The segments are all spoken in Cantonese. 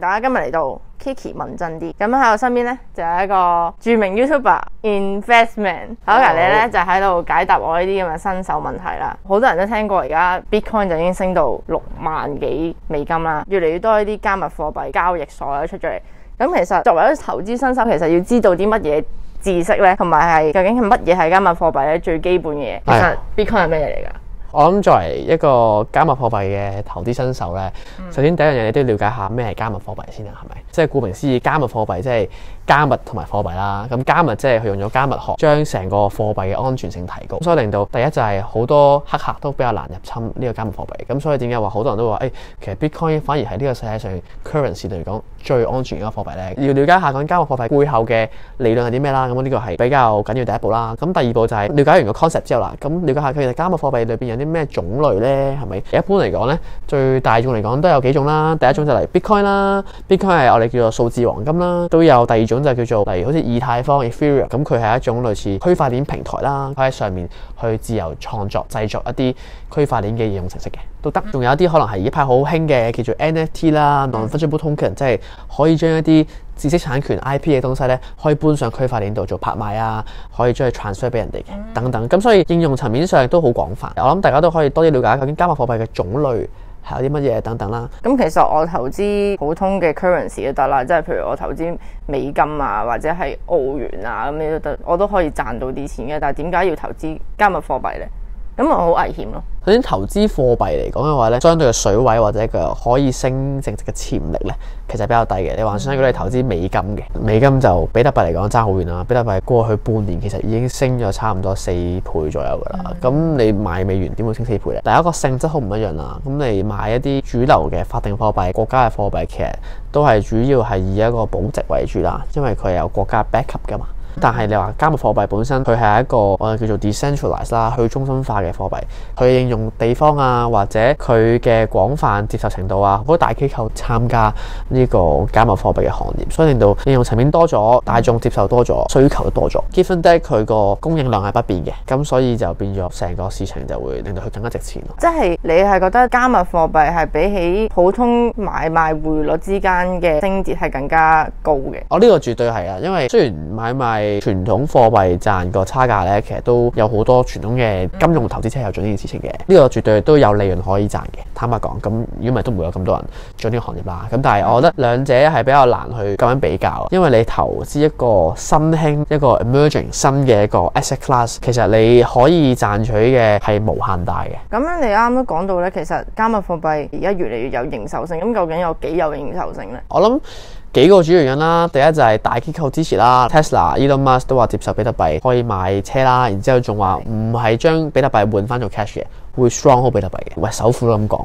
大家今日嚟到 Kiki 問真啲，咁喺我身邊呢，就有一個著名 YouTuber Investment，好啦，你呢，就喺度解答我呢啲咁嘅新手問題啦。好多人都聽過而家 Bitcoin 就已經升到六萬幾美金啦，越嚟越多呢啲加密貨幣交易所都出咗嚟。咁其實作為一投資新手，其實要知道啲乜嘢知識呢？同埋係究竟係乜嘢係加密貨幣呢？最基本嘅嘢。其實、oh. 啊、Bitcoin 係咩嘢嚟噶？我諗作為一個加密貨幣嘅投資新手咧，首先第一樣嘢你都要了解下咩係加密貨幣先啦，係咪？即係顧名思義，加密貨幣即係加密同埋貨幣啦。咁加密即係佢用咗加密學將成個貨幣嘅安全性提高，所以令到第一就係、是、好多黑客都比較難入侵呢個加密貨幣。咁所以點解話好多人都話誒、哎，其實 Bitcoin 反而係呢個世界上 currency 嚟講最安全嘅一個貨幣咧？要了解下嗰啲加密貨幣背後嘅理論係啲咩啦。咁呢個係比較緊要第一步啦。咁第二步就係、是、了解完個 concept 之後啦，咁了解下其實加密貨幣裏邊有啲咩種類咧？係咪一般嚟講咧，最大眾嚟講都有幾種啦。第一種就嚟 Bitcoin 啦，Bitcoin 係我哋叫做數字黃金啦。都有第二種就叫做例如好似以太坊 Ethereum，咁佢係一種類似區塊鏈平台啦，可喺上面去自由創作、製作一啲區塊鏈嘅應用程式嘅都得。仲、嗯、有一啲可能係一派好興嘅叫做 NFT 啦、嗯、Non-Fungible Token，即係可以將一啲知識產權 IP 嘅東西咧，可以搬上區塊鏈度做拍賣啊，可以將佢 transfer 俾人哋嘅等等。咁所以應用層面上都好廣泛。我諗大家都可以多啲了解究竟加密貨幣嘅種類係有啲乜嘢等等啦。咁、嗯、其實我投資普通嘅 currency 都得啦，即係譬如我投資美金啊，或者係澳元啊咁樣都得，我都可以賺到啲錢嘅。但係點解要投資加密貨幣咧？咁啊好危險咯。首先，投資貨幣嚟講嘅話咧，相對嘅水位或者佢可以升正值嘅潛力咧，其實比較低嘅。你話想如果你投資美金嘅，美金就比特幣嚟講爭好遠啦。比特幣過去半年其實已經升咗差唔多四倍左右噶啦。咁、嗯、你買美元點會升四倍咧？第一個性質好唔一樣啦。咁你買一啲主流嘅法定貨幣、國家嘅貨幣，其實都係主要係以一個保值為主啦，因為佢係有國家 backup 噶嘛。但係你話加密貨幣本身佢係一個我哋叫做 decentralized 啦，去中心化嘅貨幣，佢應用地方啊，或者佢嘅廣泛接受程度啊，好多大機構參加呢個加密貨幣嘅行業，所以令到應用層面多咗，大眾接受多咗，需求都多咗。Given that 佢個供應量係不變嘅，咁所以就變咗成個事情就會令到佢更加值錢咯。即係你係覺得加密貨幣係比起普通買賣匯率之間嘅升跌係更加高嘅？我呢、哦呢個絕對係啊，因為雖然買賣傳統貨幣賺個差價咧，其實都有好多傳統嘅金融投資者有做呢件事情嘅，呢個絕對都有利潤可以賺嘅。坦白講，咁如果咪都唔會有咁多人做呢個行業啦。咁但係我覺得兩者係比較難去咁樣比較，因為你投資一個新興一個 emerging 新嘅一個 asset class，其實你可以賺取嘅係無限大嘅。咁樣你啱啱都講到咧，其實加密貨幣而家越嚟越有認受性，咁究竟有幾有認受性咧？我諗幾個主要原因啦，第一就係大機構支持啦，Tesla Elon Musk 都話接受比特幣可以買車啦，然之後仲話唔係將比特幣換翻做 cash 嘅，會 strong 好比特幣嘅，喂首富都咁講。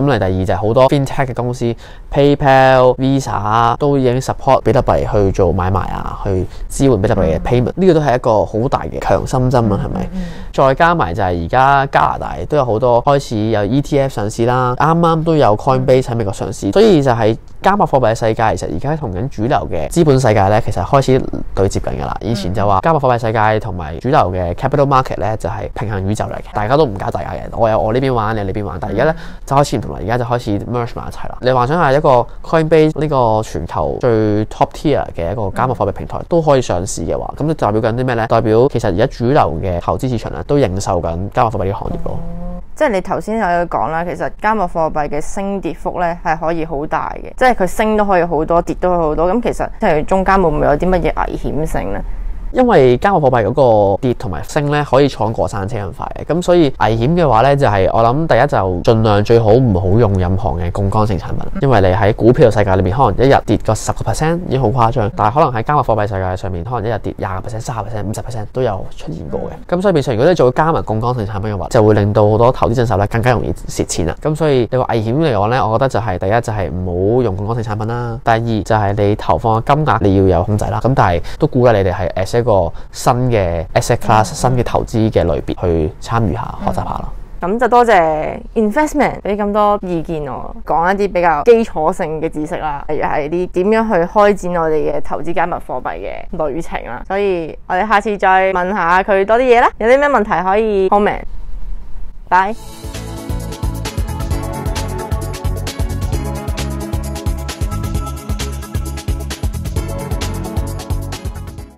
咁嚟第二就係好多 FinTech 嘅公司，PayPal、Visa 都已經 support 比特幣去做買賣啊，去支援比特幣嘅 payment。呢、呢個都係一個好大嘅強心針啊，係咪？嗯嗯、再加埋就係而家加拿大都有好多開始有 ETF 上市啦，啱啱都有 Coinbase 喺美國上市。所以就係加密貨幣嘅世界，其實而家同緊主流嘅資本世界咧，其實開始對接緊㗎啦。以前就話加密貨幣世界同埋主流嘅 Capital Market 咧，就係、係、平衡宇宙嚟嘅，大家都唔搞大家嘅，我有我呢邊玩，你有你邊玩。但係而家咧就開始。而家就開始 merge 埋一齊啦。你幻想下一個 Coinbase 呢個全球最 top tier 嘅一個加密貨幣平台都可以上市嘅話，咁就代表緊啲咩咧？代表其實而家主流嘅投資市場咧，都認受緊加密貨幣呢個行業咯。嗯、即係你頭先有講啦，其實加密貨幣嘅升跌幅咧係可以好大嘅，即係佢升都可以好多，跌都可以好多。咁其實即係中間會唔會有啲乜嘢危險性咧？因為加密貨幣嗰個跌同埋升咧，可以闖過山車咁快嘅。咁所以危險嘅話咧，就是，就係我諗第一就盡量最好唔好用任何嘅槓桿性產品，因為你喺股票世界裏面可能一日跌個十個 percent 已經好誇張，但係可能喺加密貨幣世界上面，可能一日跌廿個 percent，卅 percent，五十 percent 都有出現過嘅，咁所以變相如果你做加密槓桿性產品嘅話，就會令到好多投資新手咧更加容易蝕錢啦，咁所以你危險話危險嚟講咧，我覺得就係第一就係唔好用槓桿性產品啦，第二就係你投放嘅金額你要有控制啦，咁但係都估計你哋係一個新嘅 asset class，新嘅投資嘅類別去參與下學習，嗯、下咯。咁、嗯、就多謝 Investment 俾咁多意見我，講一啲比較基礎性嘅知識啦，例如係啲點樣去開展我哋嘅投資加密貨幣嘅旅程啦。所以我哋下次再問下佢多啲嘢啦。有啲咩問題可以 comment，拜。Bye